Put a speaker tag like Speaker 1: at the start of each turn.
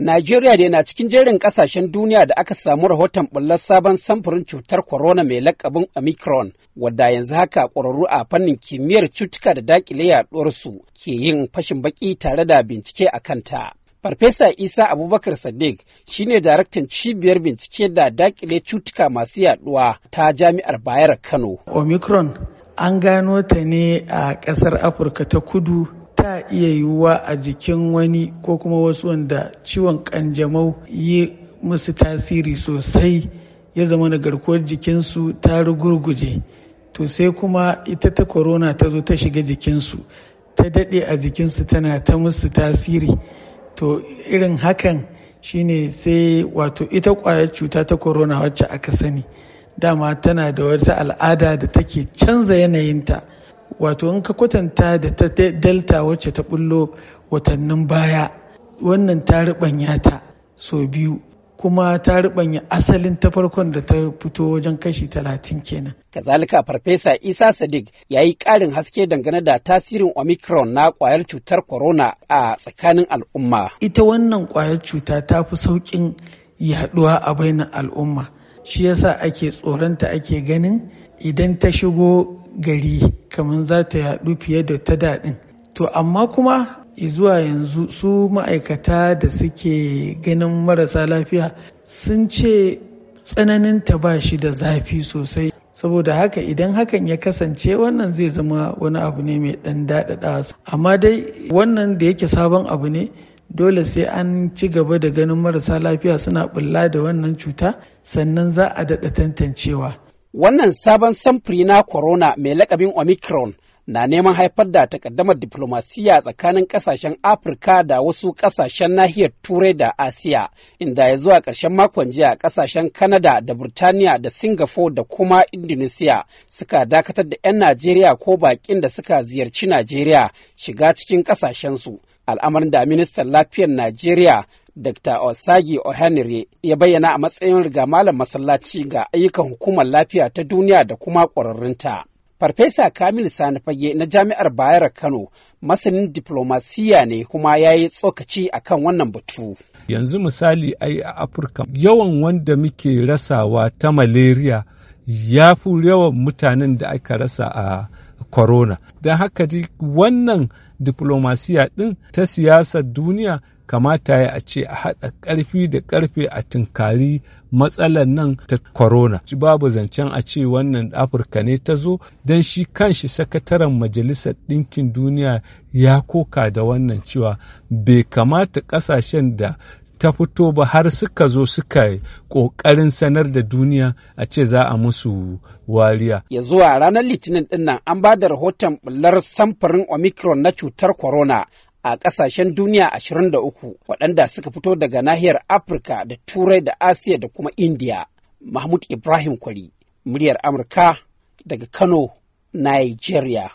Speaker 1: Najeriya da na cikin jerin kasashen duniya da aka samu rahoton bullar sabon samfurin cutar corona mai lakabin Omicron, wadda yanzu haka ƙwararru a fannin kimiyyar cutuka da dakile yaɗuwarsu ke yin fashin baki tare da bincike a kanta. Farfesa Isa Abubakar Sadiq shine daraktan cibiyar bincike da dakile cutuka masu yaduwa ta Jami'ar Bayar Kano.
Speaker 2: Omicron an gano ta ne a ƙasar Afirka ta Kudu ta iya yiwuwa a jikin wani ko kuma wasu wanda ciwon kanjamau yi musu tasiri sosai ya zama na garkuwar jikinsu ta rugurguje to sai kuma ita ta korona ta zo ta shiga jikinsu ta daɗe a jikinsu tana ta musu tasiri to irin hakan shine sai wato ita ƙwayar cuta ta korona wacce aka sani dama tana da wata al'ada da take canza yanayinta. wato in ka kwatanta da ta delta wacce ta bullo watannin baya wannan ta riɓanya ta so biyu kuma ta riɓanya asalin ta farkon da ta fito wajen kashi talatin kenan.
Speaker 1: Kazalika Farfesa Isa Sadiq ya yi ƙarin haske dangane da tasirin Omicron na ƙwayar cutar corona a tsakanin al'umma.
Speaker 2: Ita wannan ƙwayar cuta ta fi sauƙin yaɗuwa a bainar al'umma. Shi yasa ake tsoronta ake ganin idan ta shigo gari kamar za ta yaɗu fiye da ta daɗin to amma kuma zuwa yanzu su ma'aikata da suke ganin marasa lafiya sun ce tsananin ta ba shi da zafi sosai saboda haka idan hakan ya kasance wannan zai zama wani abu ne mai ɗan daɗaɗa amma dai wannan da yake sabon abu ne dole sai an ci gaba da ganin marasa lafiya suna bulla da wannan cuta sannan za a daɗa tantancewa
Speaker 1: Wannan sabon samfuri na corona mai lakabin Omicron na neman haifar da takaddamar diplomasiya tsakanin kasashen Afirka da wasu kasashen nahiyar Turai da Asiya, inda ya zuwa ƙarshen makon jiya kasashen Kanada da Burtaniya da Singapore da kuma Indonesia suka dakatar da 'yan Najeriya ko baƙin da suka ziyarci Najeriya shiga cikin ƙasashensu. al'amarin da ministan lafiyar Najeriya Dr. Osagi O'Henry ya bayyana a matsayin riga malam masallaci ga ayyukan hukumar lafiya ta duniya da kuma ƙwararrunta. Farfesa Kamil Sani Fage na Jami'ar Bayero Kano masanin diplomasiya ne kuma ya yi tsokaci a kan wannan batu.
Speaker 3: Yanzu misali ai a Afirka yawan wanda muke rasawa ta malaria ya fi yawan mutanen da aka rasa a corona. Don haka ji wannan diplomasiya ɗin ta siyasar duniya kamata ya a ce a haɗa ƙarfi da ƙarfe a tunkari matsalar nan ta corona babu zancen a ce wannan afirka ne ta zo don shi kanshi sakataren majalisar ɗinkin duniya ya koka da wannan cewa bai kamata ƙasashen da ta fito ba har suka zo suka ƙoƙarin sanar da duniya a ce za a musu wariya.
Speaker 1: Ya zuwa ranar Litinin ɗinnan an ba da rahoton ɓullar samfurin Omicron na cutar corona a ƙasashen duniya 23 waɗanda suka fito daga nahiyar Afirka da Turai da Asiya da kuma Indiya. Mahmud Ibrahim Kwari, muryar Amurka daga Kano, Nigeria.